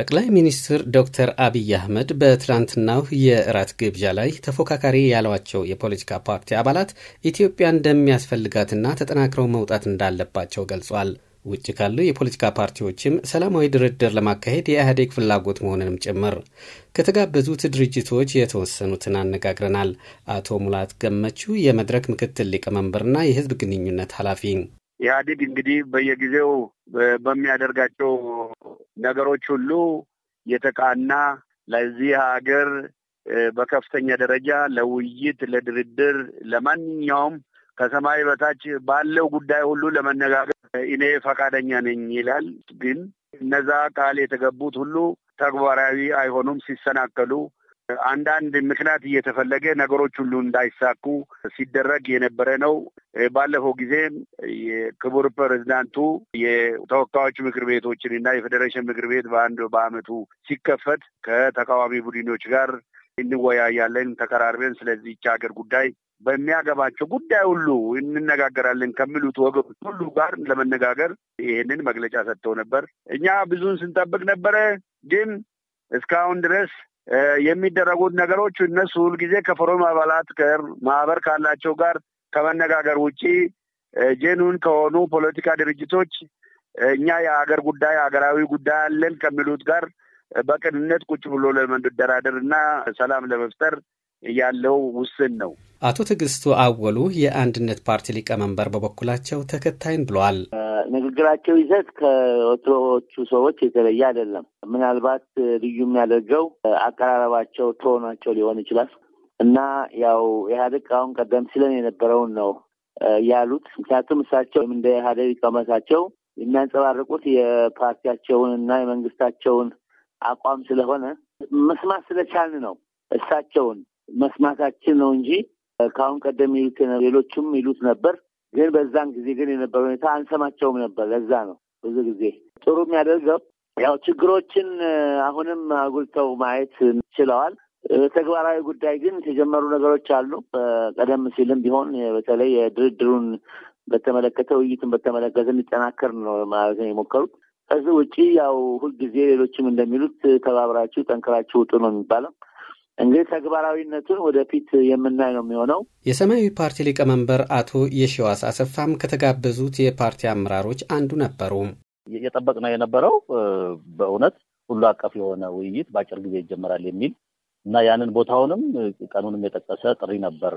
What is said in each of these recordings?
ጠቅላይ ሚኒስትር ዶክተር አብይ አህመድ በትላንትናው የእራት ግብዣ ላይ ተፎካካሪ ያሏቸው የፖለቲካ ፓርቲ አባላት ኢትዮጵያ እንደሚያስፈልጋትና ተጠናክረው መውጣት እንዳለባቸው ገልጿል። ውጭ ካሉ የፖለቲካ ፓርቲዎችም ሰላማዊ ድርድር ለማካሄድ የኢህአዴግ ፍላጎት መሆኑንም ጭምር ከተጋበዙት ድርጅቶች የተወሰኑትን አነጋግረናል። አቶ ሙላት ገመቹ የመድረክ ምክትል ሊቀመንበርና የህዝብ ግንኙነት ኃላፊ ኢህአዴግ እንግዲህ በየጊዜው በሚያደርጋቸው ነገሮች ሁሉ የተቃና ለዚህ ሀገር በከፍተኛ ደረጃ ለውይይት፣ ለድርድር፣ ለማንኛውም ከሰማይ በታች ባለው ጉዳይ ሁሉ ለመነጋገር እኔ ፈቃደኛ ነኝ ይላል። ግን እነዛ ቃል የተገቡት ሁሉ ተግባራዊ አይሆኑም፣ ሲሰናከሉ አንዳንድ ምክንያት እየተፈለገ ነገሮች ሁሉ እንዳይሳኩ ሲደረግ የነበረ ነው። ባለፈው ጊዜም የክቡር ፕሬዚዳንቱ የተወካዮች ምክር ቤቶችን እና የፌዴሬሽን ምክር ቤት በአንድ በአመቱ ሲከፈት ከተቃዋሚ ቡድኖች ጋር እንወያያለን ተቀራርበን ስለዚህች ሀገር ጉዳይ በሚያገባቸው ጉዳይ ሁሉ እንነጋገራለን ከሚሉት ወገኖች ሁሉ ጋር ለመነጋገር ይህንን መግለጫ ሰጥተው ነበር። እኛ ብዙን ስንጠብቅ ነበረ ግን እስካሁን ድረስ የሚደረጉት ነገሮች እነሱ ሁልጊዜ ከፎረም አባላት ጋር ማህበር ካላቸው ጋር ከመነጋገር ውጪ ጄኑን ከሆኑ ፖለቲካ ድርጅቶች እኛ የሀገር ጉዳይ ሀገራዊ ጉዳይ አለን ከሚሉት ጋር በቅንነት ቁጭ ብሎ ለመደራደር እና ሰላም ለመፍጠር ያለው ውስን ነው። አቶ ትዕግስቱ አወሉ የአንድነት ፓርቲ ሊቀመንበር በበኩላቸው ተከታይን ብለዋል። ከንግግራቸው ይዘት ከወትሮዎቹ ሰዎች የተለየ አይደለም። ምናልባት ልዩ የሚያደርገው አቀራረባቸው፣ ቶናቸው ሊሆን ይችላል እና ያው ኢህአዴግ አሁን ቀደም ሲለን የነበረውን ነው ያሉት። ምክንያቱም እሳቸው እንደ ኢህአዴግ ሊቀመሳቸው የሚያንጸባርቁት የፓርቲያቸውን እና የመንግስታቸውን አቋም ስለሆነ መስማት ስለቻልን ነው እሳቸውን መስማታችን ነው እንጂ ከአሁን ቀደም ይሉት ይሉት ነበር ግን በዛን ጊዜ ግን የነበረ ሁኔታ አንሰማቸውም ነበር። ለዛ ነው ብዙ ጊዜ ጥሩ የሚያደርገው ያው ችግሮችን አሁንም አጉልተው ማየት ችለዋል። በተግባራዊ ጉዳይ ግን የተጀመሩ ነገሮች አሉ። ቀደም ሲልም ቢሆን በተለይ የድርድሩን በተመለከተ ውይይትን በተመለከተ እንዲጠናከር ነው ማለት ነው የሞከሩት። ከዚህ ውጪ ያው ሁልጊዜ ሌሎችም እንደሚሉት ተባብራችሁ ጠንክራችሁ ውጡ ነው የሚባለው። እንግዲህ ተግባራዊነቱን ወደፊት የምናይ ነው የሚሆነው። የሰማያዊ ፓርቲ ሊቀመንበር አቶ የሺዋስ አሰፋም ከተጋበዙት የፓርቲ አመራሮች አንዱ ነበሩ። ነው የነበረው በእውነት ሁሉ አቀፍ የሆነ ውይይት በአጭር ጊዜ ይጀመራል የሚል እና ያንን ቦታውንም ቀኑንም የጠቀሰ ጥሪ ነበር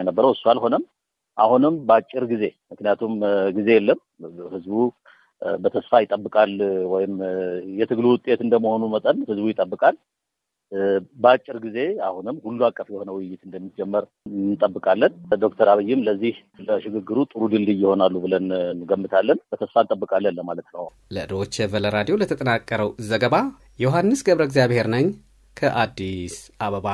ነው የነበረው። እሱ አልሆነም። አሁንም በአጭር ጊዜ ምክንያቱም ጊዜ የለም ህዝቡ በተስፋ ይጠብቃል። ወይም የትግሉ ውጤት እንደመሆኑ መጠን ህዝቡ ይጠብቃል። በአጭር ጊዜ አሁንም ሁሉ አቀፍ የሆነ ውይይት እንደሚጀመር እንጠብቃለን። ዶክተር አብይም ለዚህ ለሽግግሩ ጥሩ ድልድይ ይሆናሉ ብለን እንገምታለን። በተስፋ እንጠብቃለን ለማለት ነው። ለዶቼ ቨለ ራዲዮ ለተጠናቀረው ዘገባ ዮሐንስ ገብረ እግዚአብሔር ነኝ ከአዲስ አበባ